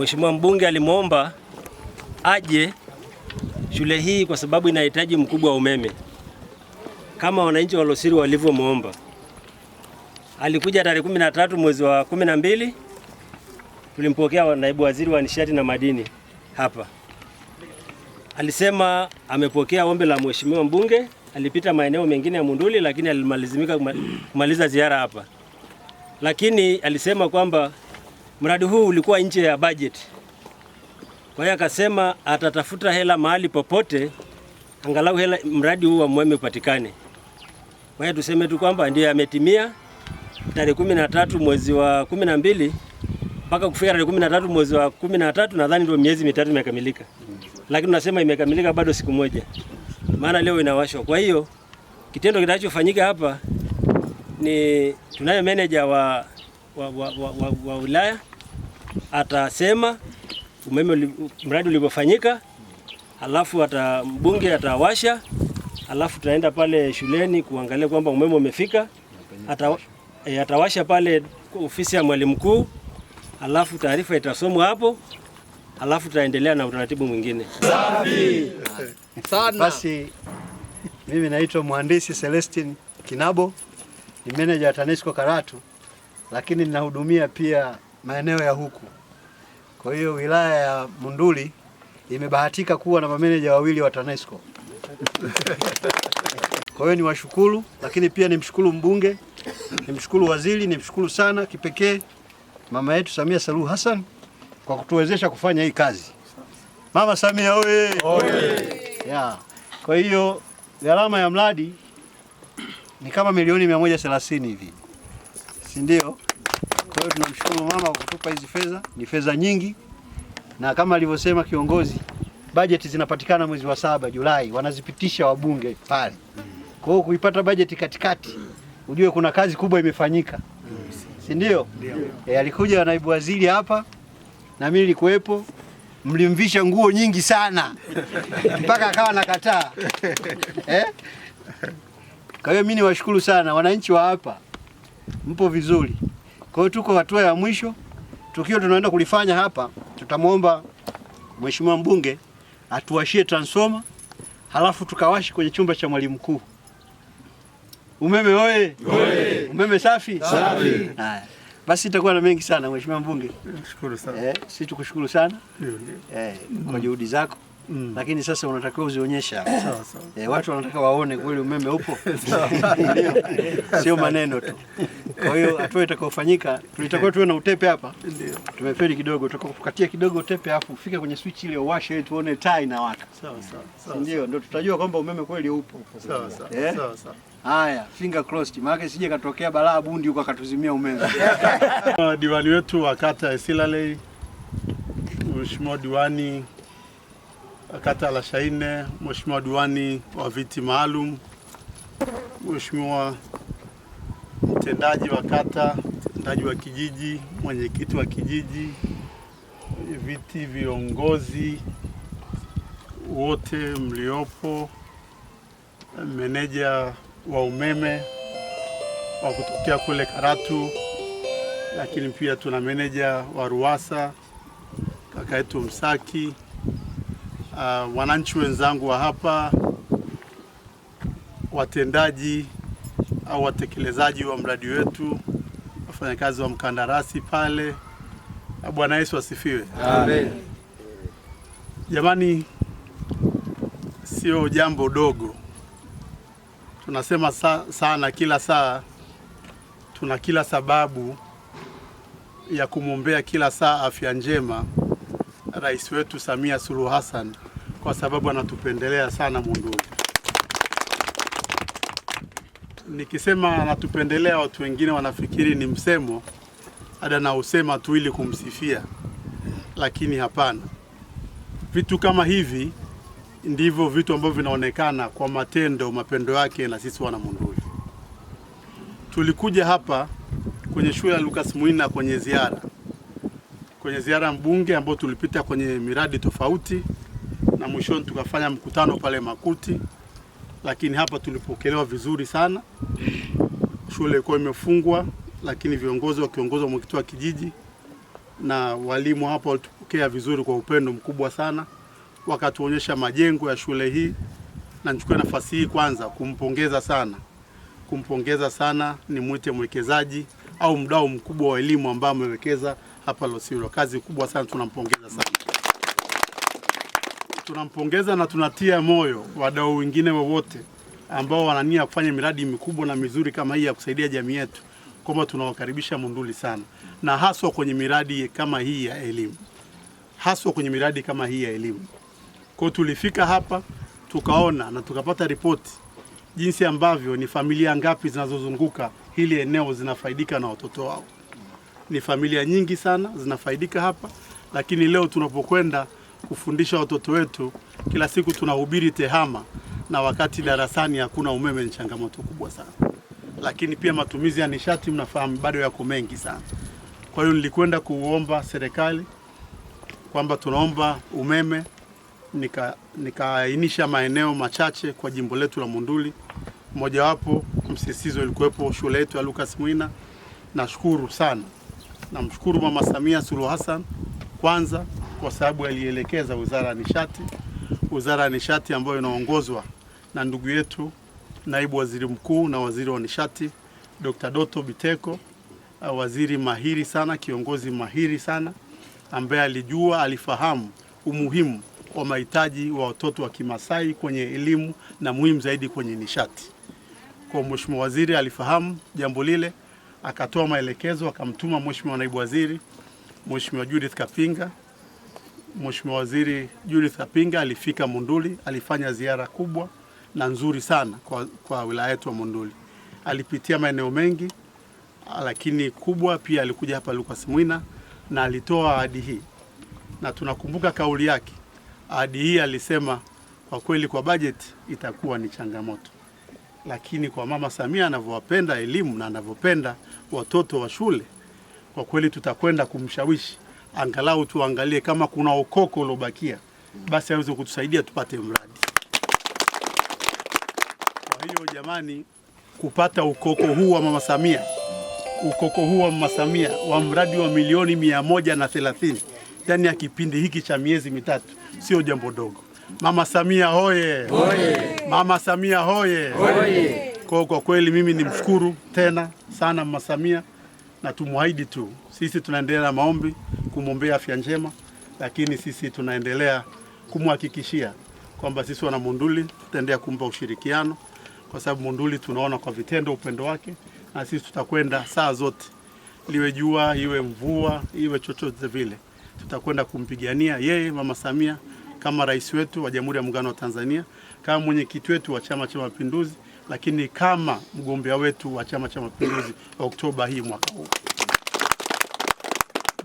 Mheshimiwa mbunge alimwomba aje shule hii kwa sababu inahitaji mkubwa wa umeme kama wananchi wa Losiri walivyomwomba. Alikuja tarehe 13 mwezi wa 12, tulimpokea naibu waziri wa nishati na madini hapa. Alisema amepokea ombi la mheshimiwa mbunge. Alipita maeneo mengine ya Munduli, lakini alimalizimika kumaliza ziara hapa, lakini alisema kwamba mradi huu ulikuwa nje ya budget. Kwa hiyo akasema atatafuta hela mahali popote angalau hela mradi huu wa umeme upatikane. Kwa hiyo tuseme tu kwamba ndio ametimia tarehe 13 mwezi wa 12 mpaka kufika tarehe 13 mwezi wa 13 nadhani ndio miezi mitatu imekamilika. Lakini tunasema imekamilika bado siku moja. Maana leo inawashwa. Kwa hiyo kitendo kinachofanyika hapa ni tunayo manager wa wa, wa, wa, wa, wa wilaya atasema umeme mradi ulivyofanyika, alafu ata mbunge atawasha, alafu tunaenda pale shuleni kuangalia kwamba umeme umefika. Ata, e, atawasha pale ofisi ya mwalimu mkuu, alafu taarifa itasomwa hapo, alafu tutaendelea na utaratibu mwingine. Basi mimi naitwa mhandisi Celestin Kinabo, ni meneja wa TANESCO Karatu lakini ninahudumia pia maeneo ya huku. Kwa hiyo wilaya ya Monduli imebahatika kuwa na mameneja wawili wa TANESCO. Kwa hiyo ni washukuru, lakini pia nimshukuru mbunge, nimshukuru waziri, nimshukuru sana kipekee mama yetu Samia Suluhu Hassan kwa kutuwezesha kufanya hii kazi. Mama Samia oye! Yeah. Kwa hiyo gharama ya mradi ni kama milioni 130 hivi si ndio? Kwa hiyo tunamshukuru mama kwa kutupa hizi fedha, ni fedha nyingi, na kama alivyosema kiongozi, bajeti zinapatikana mwezi wa saba Julai, wanazipitisha wabunge pale. Kwa hiyo kuipata bajeti katikati, ujue kuna kazi kubwa imefanyika, si ndio? E, alikuja naibu waziri hapa na mimi nilikuwepo, mlimvisha nguo nyingi sana mpaka akawa nakataa eh? Kwa hiyo mimi niwashukuru sana wananchi wa hapa mpo vizuri. Kwa hiyo tuko hatua ya mwisho, tukio tunaenda kulifanya hapa, tutamwomba mheshimiwa mbunge atuwashie transformer, halafu tukawashi kwenye chumba cha mwalimu mkuu. Umeme oye! Umeme safi, safi. Haya basi, itakuwa na mengi sana mheshimiwa mbunge. Tukushukuru sana eh, si tukushukuru sana eh, kwa juhudi zako mm. Lakini sasa unatakiwa uzionyesha e, eh, watu wanataka waone kweli umeme upo sio maneno tu. Kwa hiyo hatua itakaofanyika tulitakiwa tuwe na utepe hapa, tumefeli kidogo, tutakapokatia kidogo utepe afu ufike kwenye switch ile uwashe ili tuone taa inawaka, ndio ndio tutajua kwamba umeme kweli upo. Sawa sawa eh? Haya, finger crossed, maana sije katokea balaa bundi huko akatuzimia umeme. Diwani wetu wa kata ya Silalei, Mheshimiwa Diwani kata la Shaine, Mheshimiwa diwani wa viti maalum, Mheshimiwa mtendaji wa kata, mtendaji wa kijiji, mwenyekiti wa kijiji, viti, viongozi wote mliopo, meneja wa umeme wa kutokea kule Karatu, lakini pia tuna meneja wa Ruasa, kaka yetu Msaki uh, wananchi wenzangu wa hapa, watendaji au watekelezaji wa mradi wetu, wafanyakazi wa mkandarasi pale. Uh, Bwana Yesu asifiwe. Amen. Jamani, sio jambo dogo. Tunasema sa sana kila saa, tuna kila sababu ya kumwombea kila saa afya njema rais wetu Samia Suluhu Hassan kwa sababu anatupendelea sana Monduli. Nikisema anatupendelea, watu wengine wanafikiri ni msemo ada na usema tu ili kumsifia, lakini hapana. Vitu kama hivi ndivyo vitu ambavyo vinaonekana kwa matendo, mapendo yake na sisi wana Monduli. Tulikuja hapa kwenye shule ya Lucas Mwina kwenye ziara kwenye ziara ya mbunge ambayo tulipita kwenye miradi tofauti na mwishoni tukafanya mkutano pale Makuti, lakini hapa tulipokelewa vizuri sana. Shule ilikuwa imefungwa, lakini viongozi wakiongozwa mwenyekiti wa kijiji na walimu hapa walitupokea vizuri kwa upendo mkubwa sana, wakatuonyesha majengo ya shule hii, na nichukue nafasi hii kwanza kumpongeza sana, kumpongeza sana, nimwite mwekezaji au mdau mkubwa wa elimu ambaye amewekeza hapa Losiro. Kazi kubwa sana, tunampongeza sana, tunampongeza na tunatia moyo wadau wengine wowote ambao wanania kufanya miradi mikubwa na mizuri kama hii ya kusaidia jamii yetu, kwamba tunawakaribisha Monduli sana, na haswa kwenye miradi kama hii ya elimu, haswa kwenye miradi kama hii ya elimu. Kwa tulifika hapa tukaona na tukapata ripoti jinsi ambavyo ni familia ngapi zinazozunguka hili eneo zinafaidika na watoto wao ni familia nyingi sana zinafaidika hapa, lakini leo tunapokwenda kufundisha watoto wetu, kila siku tunahubiri tehama, na wakati darasani hakuna umeme ni changamoto kubwa sana, lakini pia matumizi ya nishati mnafahamu bado yako mengi sana. Kwa hiyo nilikwenda kuomba serikali kwamba tunaomba umeme, nikaainisha nika maeneo machache kwa jimbo letu la Monduli, mojawapo msisitizo ilikuwepo shule yetu ya Lucas Mwina. Nashukuru sana. Namshukuru Mama Samia Suluhu Hassan kwanza kwa sababu alielekeza Wizara ya Nishati, Wizara ya Nishati ambayo inaongozwa na ndugu yetu Naibu Waziri Mkuu na Waziri wa Nishati Dr. Doto Biteko, uh, waziri mahiri sana, kiongozi mahiri sana ambaye alijua, alifahamu umuhimu wa mahitaji wa watoto wa Kimasai kwenye elimu na muhimu zaidi kwenye nishati. Kwa Mheshimiwa Waziri alifahamu jambo lile akatoa maelekezo akamtuma Mheshimiwa naibu waziri Mheshimiwa Judith Kapinga. Mheshimiwa waziri Judith Kapinga alifika Monduli, alifanya ziara kubwa na nzuri sana kwa, kwa wilaya yetu ya Monduli. Alipitia maeneo mengi, lakini kubwa pia alikuja hapa Lucas Mwina na alitoa ahadi hii, na tunakumbuka kauli yake. Ahadi hii alisema kwa kweli, kwa bajeti itakuwa ni changamoto lakini kwa Mama Samia anavyowapenda elimu na anavyopenda watoto wa shule, kwa kweli tutakwenda kumshawishi angalau tuangalie kama kuna ukoko uliobakia, basi aweze kutusaidia tupate mradi. Kwa hiyo jamani, kupata ukoko huu wa Mama Samia, ukoko huu wa Mama Samia wa mradi wa milioni mia moja na thelathini ndani ya kipindi hiki cha miezi mitatu sio jambo dogo. Mama Samia hoye, hoye. Mama Samia hoye, hoye. Kwa kwa kweli mimi ni mshukuru tena sana Mama Samia na tumwahidi tu, sisi tunaendelea na maombi kumwombea afya njema, lakini sisi tunaendelea kumhakikishia kwamba sisi wana Monduli tutaendelea kumpa ushirikiano, kwa sababu Monduli tunaona kwa vitendo upendo wake, na sisi tutakwenda saa zote, liwe jua iwe mvua iwe chochote vile, tutakwenda kumpigania yeye Mama Samia kama rais wetu wa Jamhuri ya Muungano wa Tanzania, kama mwenyekiti wetu wa Chama cha Mapinduzi, lakini kama mgombea wetu wa Chama cha Mapinduzi wa Oktoba hii mwaka huu.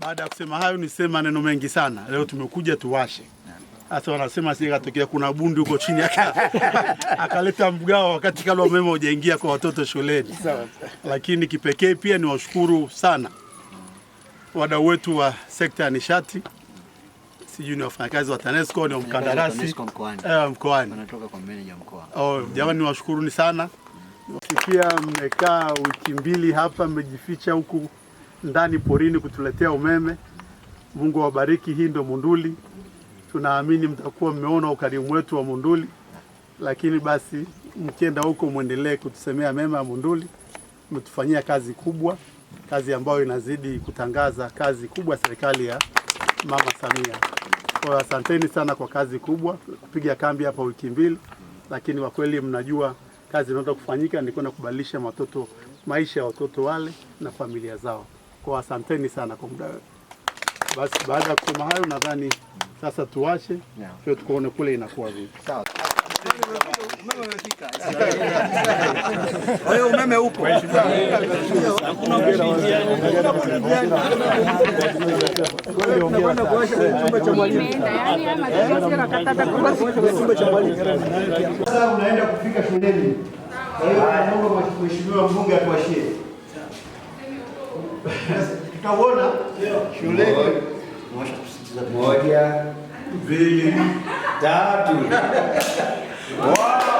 Baada ya kusema hayo, nisema maneno mengi sana leo, tumekuja tuwashe hasa wanasema sije katokea kuna bundi huko chini akaleta mgao wakati kabla umeme hujaingia kwa watoto shuleni. Lakini kipekee pia ni washukuru sana wadau wetu wa sekta ya nishati sijui ni wafanyakazi wa TANESCO, ni mkandarasi mkoani. Eh, oh, jamani, niwashukuruni sana. Sikia mmekaa wiki mbili hapa, mmejificha huku ndani porini kutuletea umeme. Mungu awabariki. Hii ndo Munduli, tunaamini mtakuwa mmeona ukarimu wetu wa Munduli, lakini basi mkienda huko mwendelee kutusemea mema ya Munduli. Mmetufanyia kazi kubwa, kazi ambayo inazidi kutangaza kazi kubwa serikali ya Mama Samia. Kwa hiyo asanteni sana kwa kazi kubwa, kupiga kambi hapa wiki mbili, lakini kwa kweli mnajua kazi inaenda kufanyika ni kwenda kubadilisha watoto maisha ya watoto wale na familia zao. Kwa asanteni sana kwa muda wenu. Basi baada ya kusema hayo, nadhani sasa tuache, sio tukaone kule inakuwa vipi. Sawa. Kwa hiyo umeme upo. Sasa unaenda kufika shuleni. Kwa hiyo naomba mheshimiwa mbunge Tutauona shuleni. Moja, mbili, tatu.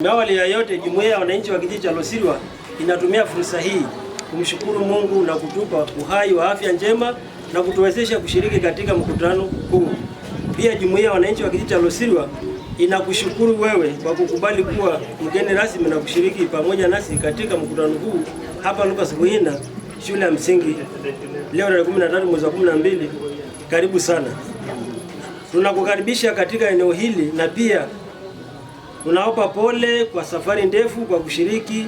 Na awali ya yote, jumuiya ya wananchi wa kijiji cha Losirwa inatumia fursa hii kumshukuru Mungu na kutupa uhai wa afya njema na kutuwezesha kushiriki katika mkutano huu. Pia jumuiya ya wananchi wa kijiji cha Losirwa inakushukuru wewe kwa kukubali kuwa mgeni rasmi na kushiriki pamoja nasi katika mkutano huu hapa Lucas Buhina shule ya msingi leo tarehe 13 mwezi wa 12. Karibu sana. Tunakukaribisha katika eneo hili na pia tunaopa pole kwa safari ndefu kwa kushiriki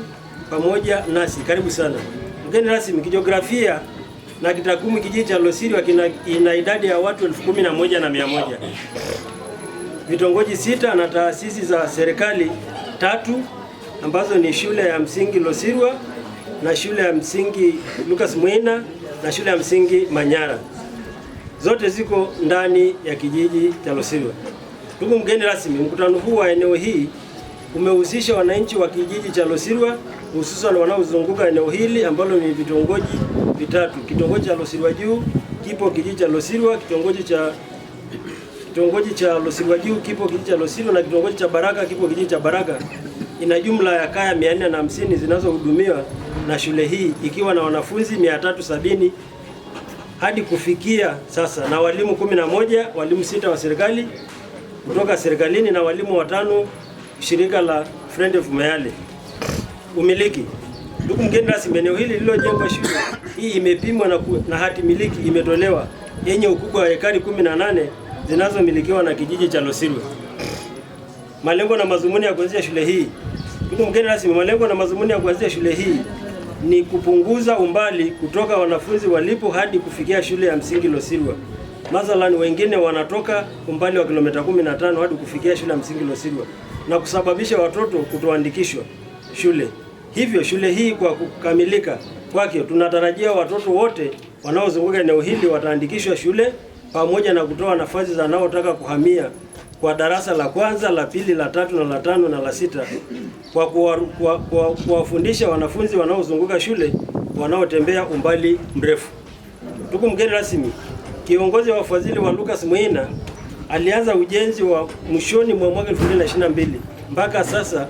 pamoja nasi. Karibu sana mgeni rasmi. Kijiografia na kitakwimu, kijiji cha Losirwa ina idadi ya watu elfu kumi na moja na mia moja vitongoji sita na taasisi za serikali tatu ambazo ni shule ya msingi Losirwa na shule ya msingi Lucas Mwina na shule ya msingi Manyara zote ziko ndani ya kijiji cha Losirwa. Ndugu mgeni rasmi, mkutano huu wa eneo hii umehusisha wananchi wa kijiji cha Losirwa hususan wanaozunguka eneo hili ambalo ni vitongoji vitatu. Kitongoji cha Losirwa juu kipo kijiji cha Losirwa, kitongoji cha kitongoji cha Losirwa juu kipo kijiji cha Losirwa na kitongoji cha Baraka kipo kijiji cha Baraka. Ina jumla ya kaya 450 zinazohudumiwa na shule hii ikiwa na wanafunzi 370 hadi kufikia sasa na walimu kumi na moja, walimu sita wa serikali kutoka serikalini na walimu watano shirika la Friend of Mayale. Umiliki. Ndugu mgeni rasmi, eneo hili lililojengwa shule hii imepimwa na, na hati miliki imetolewa yenye ukubwa wa ekari 18 zinazomilikiwa na kijiji cha Losirwe. Malengo na mazumuni ya kuanzia shule hii. Ndugu mgeni rasmi, malengo na mazumuni ya kuanzia shule hii ni kupunguza umbali kutoka wanafunzi walipo hadi kufikia shule ya msingi Losirwa. Mathalan, wengine wanatoka umbali wa kilomita 15 hadi kufikia shule ya msingi Losirwa na kusababisha watoto kutoandikishwa shule. Hivyo shule hii kwa kukamilika kwake, tunatarajia watoto wote wanaozunguka eneo hili wataandikishwa shule pamoja na kutoa nafasi za wanaotaka kuhamia kwa darasa la kwanza, la pili, la tatu na la tano na la sita kwa kuwafundisha wanafunzi wanaozunguka shule wanaotembea umbali mrefu. Ndugu mgeni rasmi, kiongozi wa wafadhili wa Lucas Muhina alianza ujenzi wa mwishoni mwa mwaka 2022 mpaka sasa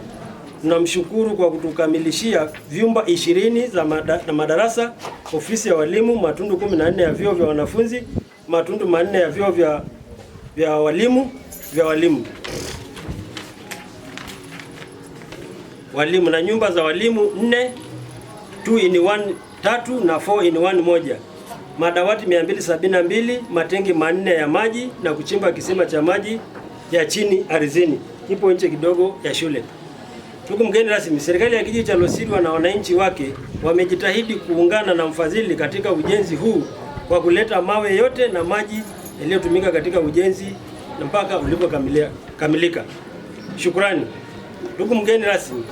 tunamshukuru kwa kutukamilishia vyumba ishirini za mada, na madarasa, ofisi ya walimu, matundu 14 ya vyoo vya wanafunzi, matundu manne ya vyoo vya, vya walimu vya walimu walimu na nyumba za walimu nne, two in one tatu na four in one moja, madawati 272, matengi manne ya maji na kuchimba kisima cha maji ya chini ardhini kipo nje kidogo ya shule. Ndugu mgeni rasmi, serikali ya kijiji cha Losirwa na wananchi wake wamejitahidi kuungana na mfadhili katika ujenzi huu kwa kuleta mawe yote na maji yaliyotumika katika ujenzi na mpaka ulivyokamilika. Shukrani ndugu mgeni rasmi,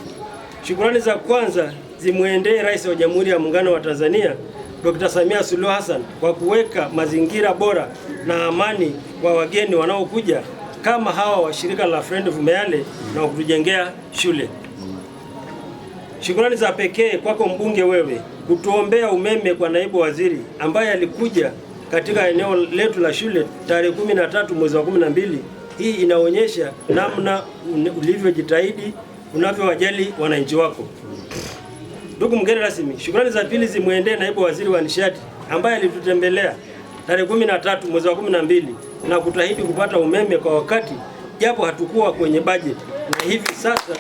shukrani za kwanza zimwendee Rais wa Jamhuri ya Muungano wa Tanzania Dr. Samia Suluhu Hassan kwa kuweka mazingira bora na amani kwa wageni wanaokuja kama hawa wa shirika la Friend Meale na kutujengea shule. Shukrani za pekee kwako mbunge wewe kutuombea umeme kwa naibu waziri ambaye alikuja katika eneo letu la shule tarehe 13 mwezi wa 12. Hii inaonyesha namna ulivyojitahidi unavyowajali wananchi wako. Ndugu mgeni rasmi, shukrani za pili zimwendee naibu waziri wa nishati ambaye alitutembelea tarehe 13 mwezi wa 12 na kutahidi kupata umeme kwa wakati, japo hatukuwa kwenye bajeti, na hivi sasa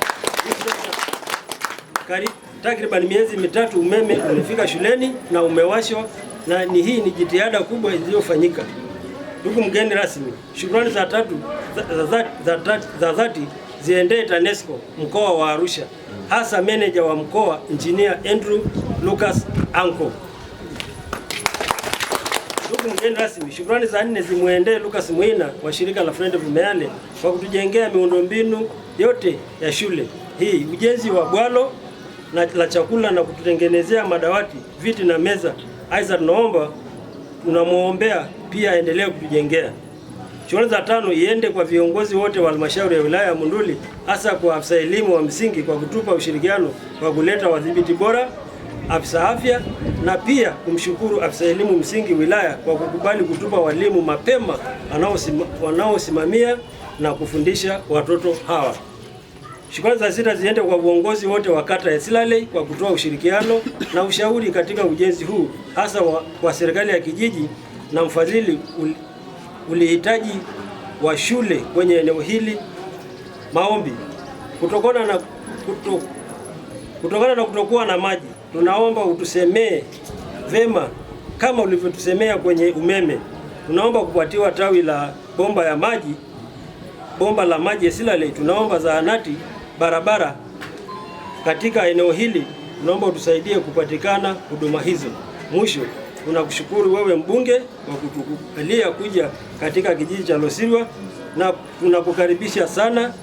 takriban miezi mitatu umeme umefika shuleni na umewashwa na ni hii ni jitihada kubwa iliyofanyika. Ndugu mgeni rasmi, shukrani za tatu za dhati ziendee TANESCO mkoa wa Arusha, hasa meneja wa mkoa Engineer Andrew Lucas Anko. Ndugu mgeni rasmi, shukrani za nne zimwendee Lucas Mwina wa shirika la Friend of Meale kwa kutujengea miundombinu yote ya shule hii, ujenzi wa bwalo na la chakula na kututengenezea madawati, viti na meza Aidha, tunaomba tunamwombea pia aendelee kutujengea. Shughuli za tano iende kwa viongozi wote wa halmashauri ya wilaya ya Monduli, hasa kwa afisa elimu wa msingi kwa kutupa ushirikiano wa kuleta wadhibiti bora, afisa afya, na pia kumshukuru afisa elimu msingi wilaya kwa kukubali kutupa walimu mapema wanaosimamia na kufundisha watoto hawa. Shukrani za sita ziende kwa uongozi wote wa kata ya Silalei kwa kutoa ushirikiano na ushauri katika ujenzi huu, hasa wa, kwa serikali ya kijiji na mfadhili ulihitaji wa shule kwenye eneo hili. Maombi kutokana na kuto, kutokana na kutokuwa na maji, tunaomba utusemee vema kama ulivyotusemea kwenye umeme. Tunaomba kupatiwa tawi la bomba ya maji, bomba la maji ya Silalei. Tunaomba zahanati barabara katika eneo hili, naomba utusaidie kupatikana huduma hizo. Mwisho, tunakushukuru wewe mbunge kwa kutukubalia kuja katika kijiji cha Losirwa na tunakukaribisha sana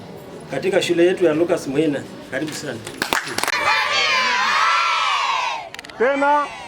katika shule yetu ya Lucas Muhina. Karibu sana tena.